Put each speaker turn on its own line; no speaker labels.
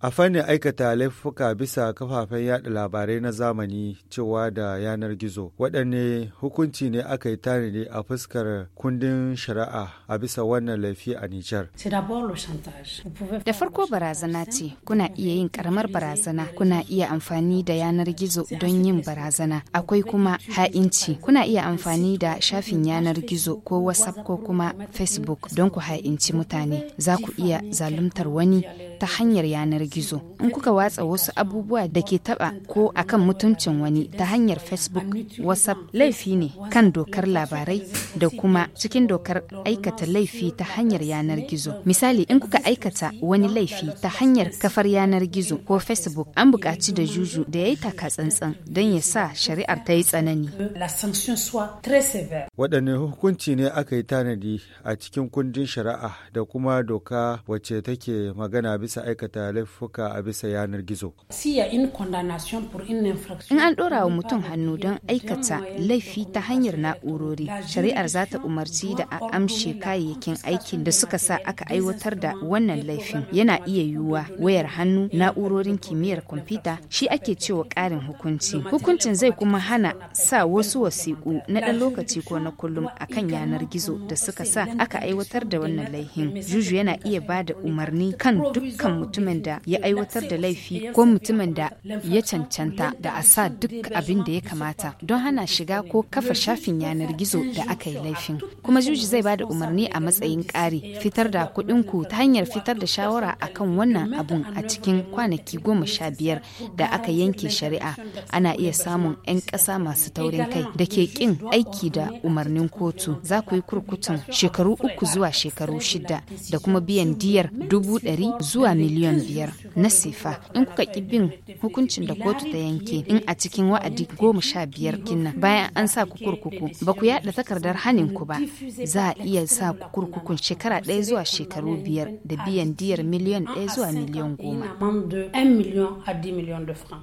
A fannin aikata laifuka bisa kafafen yada labarai na zamani cewa da yanar gizo, waɗanne hukunci ne aka yi tanadi a fuskar kundin shari'a a bisa wannan laifi a Nijar.
Da farko barazana ce, kuna iya yin karamar barazana, kuna iya amfani da yanar gizo don yin barazana. Akwai kuma ha'inci, kuna iya amfani da shafin yanar gizo ko WhatsApp ko kuma Facebook don ku ha'inci mutane. Za ku iya zaluntar wani ta hanyar yanar gizo in kuka watsa wasu abubuwa da ke taba ko akan mutuncin wani ta hanyar facebook whatsapp laifi ne kan dokar labarai da kuma cikin dokar aikata laifi ta hanyar yanar gizo misali in kuka aikata wani laifi ta hanyar kafar yanar gizo ko facebook an buƙaci da juju da ya yi taka tsantsan don ya sa shari'ar ta yi tsanani
waɗanne hukunci ne aka yi tanadi a cikin kundin shari'a da kuma doka wacce take magana bisa aikata laifuka a bisa yanar gizo.
In an ɗora wa mutum hannu don aikata laifi ta hanyar na'urori, shari'ar za ta umarci da a amshe kayayyakin aikin da suka sa aka aiwatar da wannan laifin. Yana iya yiwuwa wayar hannu, na'urorin kimiyyar kwamfuta shi ake cewa ƙarin hukunci. Hukuncin zai kuma hana sa wasu wasiƙu na ɗan lokaci ko na kullum a kan yanar gizo da suka sa aka aiwatar da wannan laifin. Juju yana iya ba da umarni kan duk dukkan mutumin da ya aiwatar da laifi ko mutumin da ya cancanta da a sa duk abin da ya kamata don hana shiga ko kafa shafin yanar gizo da aka yi laifin kuma juji zai ba da umarni a matsayin ƙari fitar da kuɗin ku ta hanyar fitar da shawara akan wannan abun a cikin kwanaki goma sha biyar da aka yanke shari'a ana iya samun 'yan ƙasa masu taurin kai da ke ƙin aiki da umarnin kotu za ku yi kurkutun shekaru uku zuwa shekaru shida da kuma biyan diyar dubu ɗari zuwa zuwa miliyan biyar na sifa in kuka ki bin hukuncin da kotu ta yanke in a cikin wa'adi goma sha biyar kinna bayan an sa ku kurkuku ba ku yaɗa takardar hanin ku ba za a iya sa ku kurkukun shekara ɗaya zuwa shekaru biyar da biyan diyar miliyan ɗaya zuwa miliyan goma.